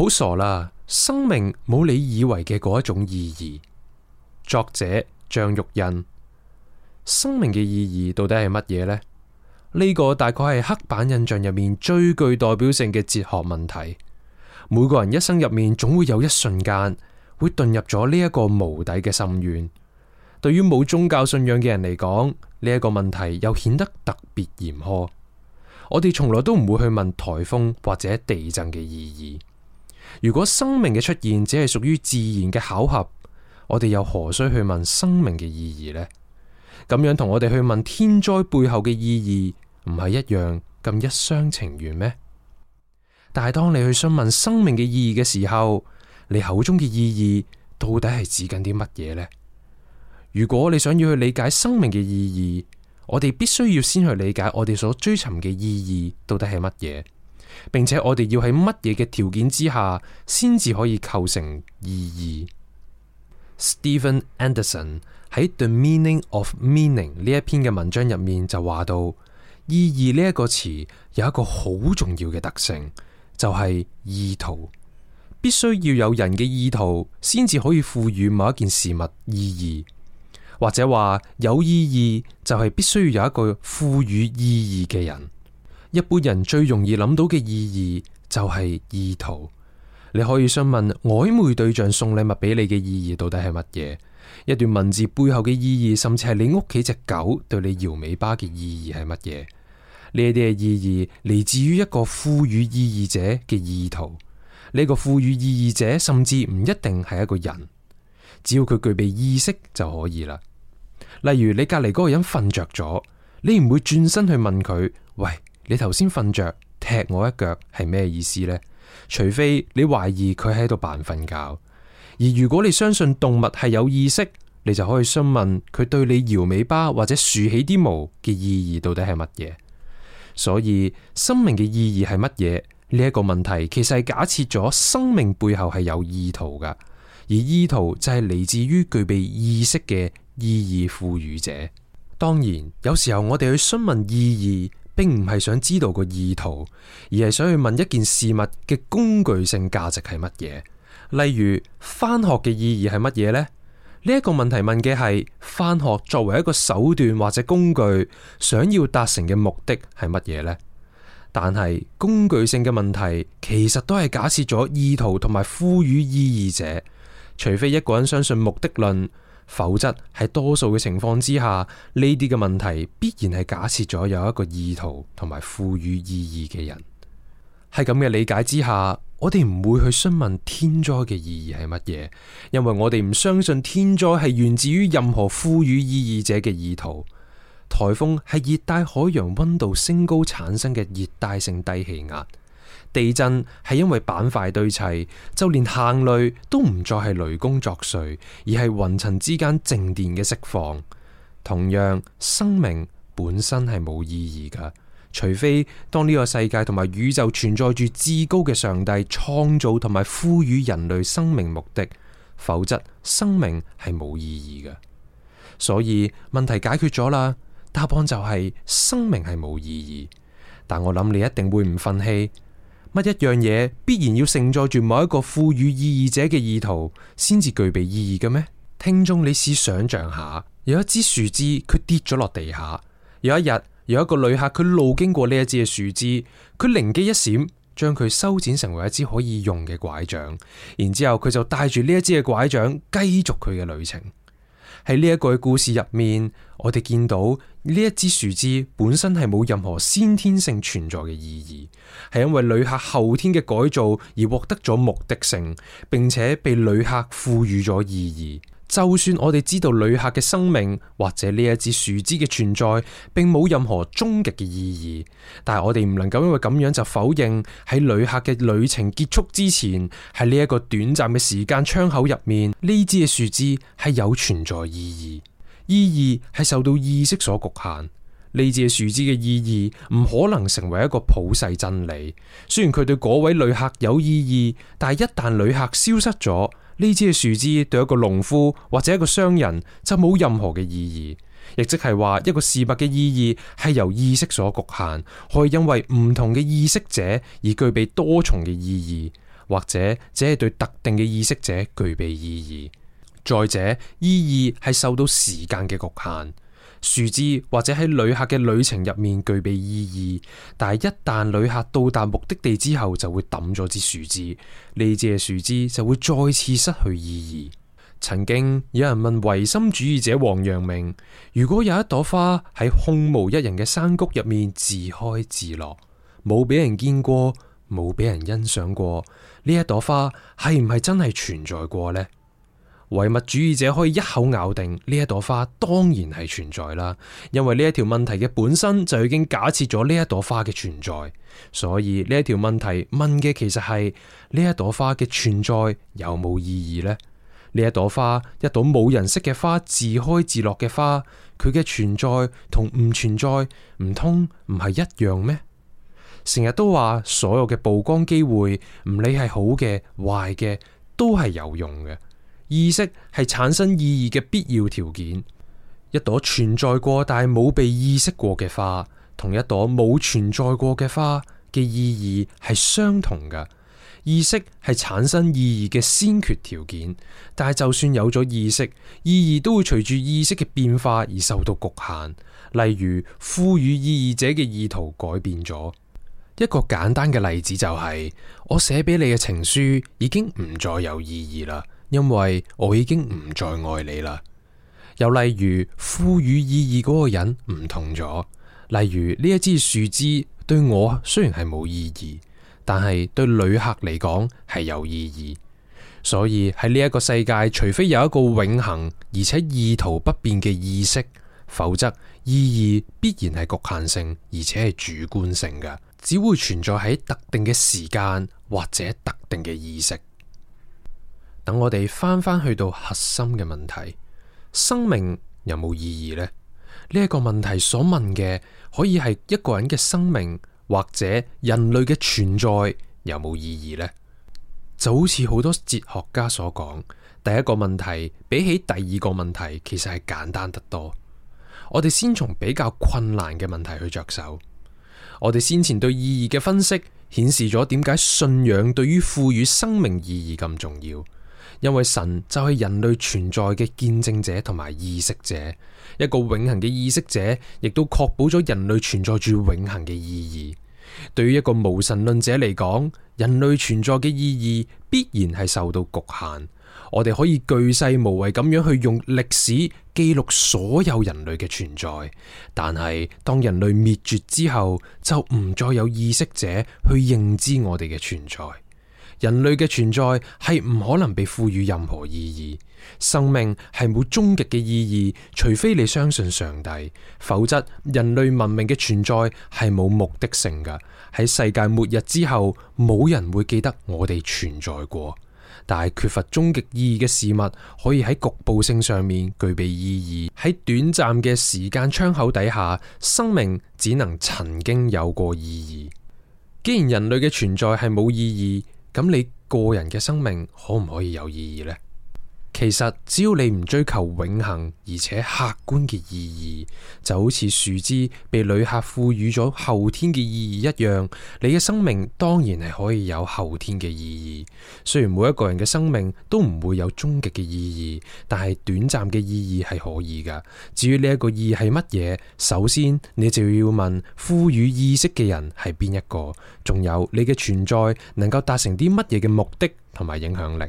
好傻啦！生命冇你以為嘅嗰一種意義。作者張毓思，生命嘅意義到底係乜嘢呢？呢個大概係刻板印象入面最具代表性嘅哲學問題。每個人一生入面總會有一瞬間會遁入咗呢一個無底嘅深淵。對於冇宗教信仰嘅人嚟講，呢一個問題又顯得特別嚴苛。我哋從來都唔會去問台風或者地震嘅意義。如果生命嘅出現只係屬於自然嘅巧合，我哋又何須去問生命嘅意義呢？咁樣同我哋去問天災背後嘅意義，唔係一樣咁一廂情願咩？但係當你去詢問生命嘅意義嘅時候，你口中嘅意義到底係指緊啲乜嘢呢？如果你想要去理解生命嘅意義，我哋必須要先去理解我哋所追尋嘅意義到底係乜嘢。並且我哋要喺乜嘢嘅條件之下，先至可以構成意義。Stephen Anderson 喺《The Meaning of Meaning》呢一篇嘅文章入面就話到，意義呢一個詞有一個好重要嘅特性，就係意圖，必須要有人嘅意圖先至可以賦予某一件事物意義，或者話有意義就係必須要有一個賦予意義嘅人。一般人最容易諗到嘅意義就係意圖。你可以詢問曖昧對象送禮物俾你嘅意義到底係乜嘢？一段文字背後嘅意義，甚至係你屋企隻狗對你搖尾巴嘅意義係乜嘢？呢啲嘅意義嚟自於一個賦予意義者嘅意圖。呢個賦予意義者甚至唔一定係一個人，只要佢具備意識就可以啦。例如你隔籬嗰個人瞓着咗，你唔會轉身去問佢：喂？你頭先瞓着踢我一腳係咩意思呢？除非你懷疑佢喺度扮瞓覺，而如果你相信動物係有意識，你就可以詢問佢對你搖尾巴或者豎起啲毛嘅意義到底係乜嘢。所以生命嘅意義係乜嘢呢？呢個問題其實係假設咗生命背後係有意圖噶而意圖就係嚟自於具備意識嘅意義賦予者。當然，有時候我哋去詢問意義。並唔係想知道個意圖，而係想去問一件事物嘅工具性價值係乜嘢。例如，翻學嘅意義係乜嘢呢？呢一個問題問嘅係翻學作為一個手段或者工具，想要達成嘅目的係乜嘢呢？但係工具性嘅問題，其實都係假設咗意圖同埋賦予意義者，除非一個人相信目的論。否則喺多數嘅情況之下，呢啲嘅問題必然係假設咗有一個意圖同埋賦予意義嘅人。喺咁嘅理解之下，我哋唔會去詢問天災嘅意義係乜嘢，因為我哋唔相信天災係源自於任何賦予意義者嘅意圖。台風係熱帶海洋温度升高產生嘅熱帶性低氣壓。地震係因為板塊對齊，就連行雷都唔再係雷公作祟，而係雲層之間靜電嘅釋放。同樣，生命本身係冇意義噶，除非當呢個世界同埋宇宙存在住至高嘅上帝創造同埋賦予人類生命目的，否則生命係冇意義噶。所以問題解決咗啦，答案就係生命係冇意義。但我諗你一定會唔忿氣。乜一樣嘢必然要承載住某一個賦予意義者嘅意圖，先至具備意義嘅咩？聽眾，你試想象下，有一支樹枝，佢跌咗落地下。有一日，有一個旅客佢路經過呢一支嘅樹枝，佢靈機一閃，將佢修剪成為一支可以用嘅拐杖，然之後佢就帶住呢一支嘅拐杖繼續佢嘅旅程。喺呢一個故事入面，我哋見到呢一支樹枝本身係冇任何先天性存在嘅意義，係因為旅客後天嘅改造而獲得咗目的性，並且被旅客賦予咗意義。就算我哋知道旅客嘅生命或者呢一支樹枝嘅存在，並冇任何終極嘅意義，但係我哋唔能夠因為咁樣就否認喺旅客嘅旅程結束之前，喺呢一個短暫嘅時間窗口入面，呢支嘅樹枝係有存在意義。意義係受到意識所局限，呢支嘅樹枝嘅意義唔可能成為一個普世真理。雖然佢對嗰位旅客有意義，但係一旦旅客消失咗。呢支嘅樹枝對一個農夫或者一個商人就冇任何嘅意義，亦即係話一個事物嘅意義係由意識所局限，可以因為唔同嘅意識者而具備多重嘅意義，或者只係對特定嘅意識者具備意義。再者，意義係受到時間嘅局限。樹枝或者喺旅客嘅旅程入面具備意義，但係一旦旅客到達目的地之後，就會抌咗支樹枝，呢支樹枝就會再次失去意義。曾經有人問唯心主義者王陽明，如果有一朵花喺空無一人嘅山谷入面自開自落，冇俾人見過，冇俾人欣賞過，呢一朵花係唔係真係存在過咧？唯物主義者可以一口咬定呢一朵花當然係存在啦，因為呢一條問題嘅本身就已經假設咗呢一朵花嘅存在，所以呢一條問題問嘅其實係呢一朵花嘅存在有冇意義呢？呢一朵花，一朵冇人識嘅花，自開自落嘅花，佢嘅存在同唔存在唔通唔係一樣咩？成日都話所有嘅曝光機會，唔理係好嘅壞嘅，都係有用嘅。意識係產生意義嘅必要條件。一朵存在過但係冇被意識過嘅花，同一朵冇存在過嘅花嘅意義係相同嘅。意識係產生意義嘅先決條件，但係就算有咗意識，意義都會隨住意識嘅變化而受到局限。例如，賦予意義者嘅意圖改變咗。一個簡單嘅例子就係，我寫俾你嘅情書已經唔再有意義啦。因為我已經唔再愛你啦。又例如，賦予意義嗰個人唔同咗。例如呢一支樹枝對我雖然係冇意義，但係對旅客嚟講係有意義。所以喺呢一個世界，除非有一個永恆而且意圖不變嘅意識，否則意義必然係局限性，而且係主觀性嘅，只會存在喺特定嘅時間或者特定嘅意識。等我哋翻翻去到核心嘅問題，生命有冇意義呢？呢一個問題所問嘅，可以係一個人嘅生命，或者人類嘅存在有冇意義呢？就好似好多哲學家所講，第一個問題比起第二個問題，其實係簡單得多。我哋先從比較困難嘅問題去着手。我哋先前對意義嘅分析，顯示咗點解信仰對於賦予生命意義咁重要。因為神就係人類存在嘅見證者同埋意識者，一個永恒嘅意識者，亦都確保咗人類存在住永恒嘅意義。對於一個無神論者嚟講，人類存在嘅意義必然係受到局限。我哋可以巨細無遺咁樣去用歷史記錄所有人類嘅存在，但係當人類滅絕之後，就唔再有意識者去認知我哋嘅存在。人類嘅存在係唔可能被賦予任何意義，生命係冇終極嘅意義，除非你相信上帝，否則人類文明嘅存在係冇目的性㗎。喺世界末日之後，冇人會記得我哋存在過。但係缺乏終極意義嘅事物，可以喺局部性上面具備意義。喺短暫嘅時間窗口底下，生命只能曾經有過意義。既然人類嘅存在係冇意義。咁你個人嘅生命可唔可以有意義咧？其實只要你唔追求永恆，而且客觀嘅意義，就好似樹枝被旅客賦予咗後天嘅意義一樣。你嘅生命當然係可以有後天嘅意義。雖然每一個人嘅生命都唔會有終極嘅意義，但係短暫嘅意義係可以噶。至於呢一個意義係乜嘢，首先你就要問賦予意識嘅人係邊一個，仲有你嘅存在能夠達成啲乜嘢嘅目的同埋影響力。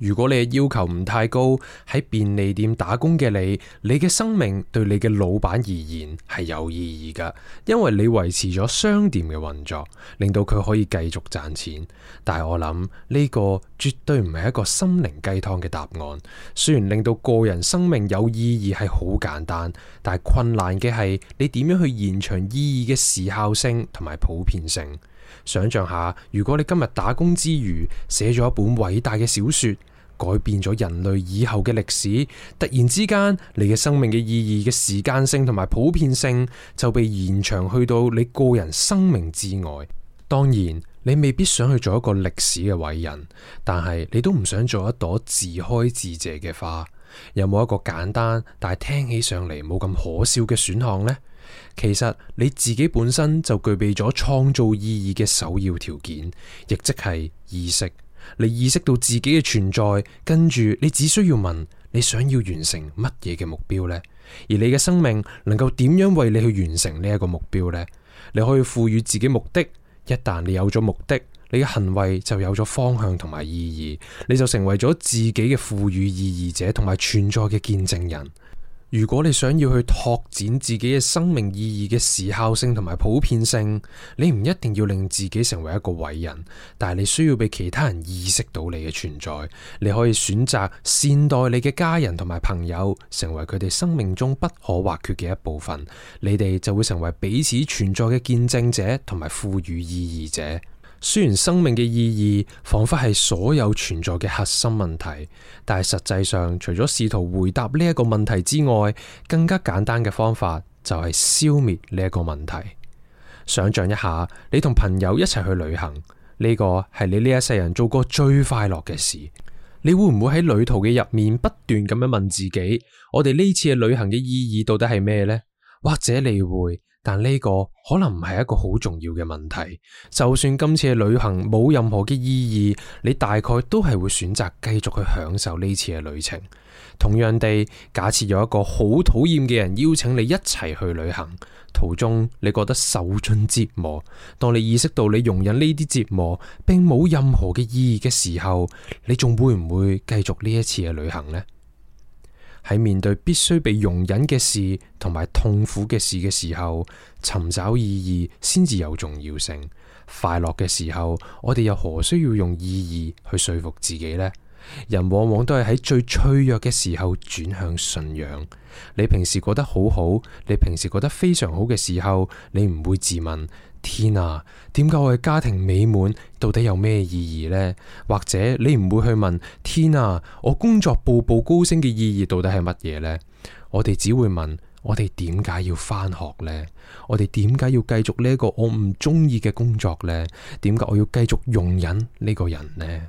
如果你嘅要求唔太高，喺便利店打工嘅你，你嘅生命對你嘅老闆而言係有意義噶，因為你維持咗商店嘅運作，令到佢可以繼續賺錢。但係我諗呢個絕對唔係一個心靈雞湯嘅答案。雖然令到個人生命有意義係好簡單，但係困難嘅係你點樣去延長意義嘅時效性同埋普遍性。想象下，如果你今日打工之餘寫咗一本偉大嘅小說。改變咗人類以後嘅歷史，突然之間，你嘅生命嘅意義嘅時間性同埋普遍性就被延長去到你個人生命之外。當然，你未必想去做一個歷史嘅偉人，但係你都唔想做一朵自開自謝嘅花。有冇一個簡單但係聽起上嚟冇咁可笑嘅選項呢？其實你自己本身就具備咗創造意義嘅首要條件，亦即係意識。你意識到自己嘅存在，跟住你只需要問你想要完成乜嘢嘅目標呢？而你嘅生命能夠點樣為你去完成呢一個目標呢？你可以賦予自己目的，一旦你有咗目的，你嘅行為就有咗方向同埋意義，你就成為咗自己嘅賦予意義者同埋存在嘅見證人。如果你想要去拓展自己嘅生命意義嘅時效性同埋普遍性，你唔一定要令自己成為一個偉人，但係你需要被其他人意識到你嘅存在。你可以選擇善待你嘅家人同埋朋友，成為佢哋生命中不可或缺嘅一部分，你哋就會成為彼此存在嘅見證者同埋賦予意義者。雖然生命嘅意義仿佛係所有存在嘅核心問題，但係實際上，除咗試圖回答呢一個問題之外，更加簡單嘅方法就係消滅呢一個問題。想象一下，你同朋友一齊去旅行，呢個係你呢一世人做過最快樂嘅事，你會唔會喺旅途嘅入面不斷咁樣問自己，我哋呢次嘅旅行嘅意義到底係咩呢？或者你會？但呢個可能唔係一個好重要嘅問題。就算今次嘅旅行冇任何嘅意義，你大概都係會選擇繼續去享受呢次嘅旅程。同樣地，假設有一個好討厭嘅人邀請你一齊去旅行，途中你覺得受盡折磨。當你意識到你容忍呢啲折磨並冇任何嘅意義嘅時候，你仲會唔會繼續呢一次嘅旅行呢？喺面對必須被容忍嘅事同埋痛苦嘅事嘅時候，尋找意義先至有重要性。快樂嘅時候，我哋又何需要用意義去說服自己呢？人往往都係喺最脆弱嘅時候轉向信仰。你平時過得好好，你平時過得非常好嘅時候，你唔會自問：「天啊，點解我嘅家庭美滿到底有咩意義呢？」或者你唔會去問：「天啊，我工作步步高升嘅意義到底係乜嘢呢？」我哋只會問：「我哋點解要返學呢？我哋點解要繼續呢一個我唔中意嘅工作呢？點解我要繼續容忍呢個人呢？」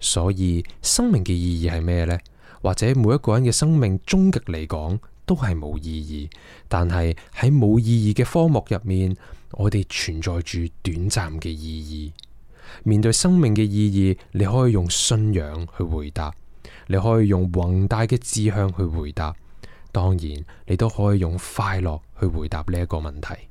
所以生命嘅意義係咩咧？或者每一個人嘅生命終極嚟講都係冇意義。但係喺冇意義嘅科目入面，我哋存在住短暫嘅意義。面對生命嘅意義，你可以用信仰去回答，你可以用宏大嘅志向去回答。當然，你都可以用快樂去回答呢一個問題。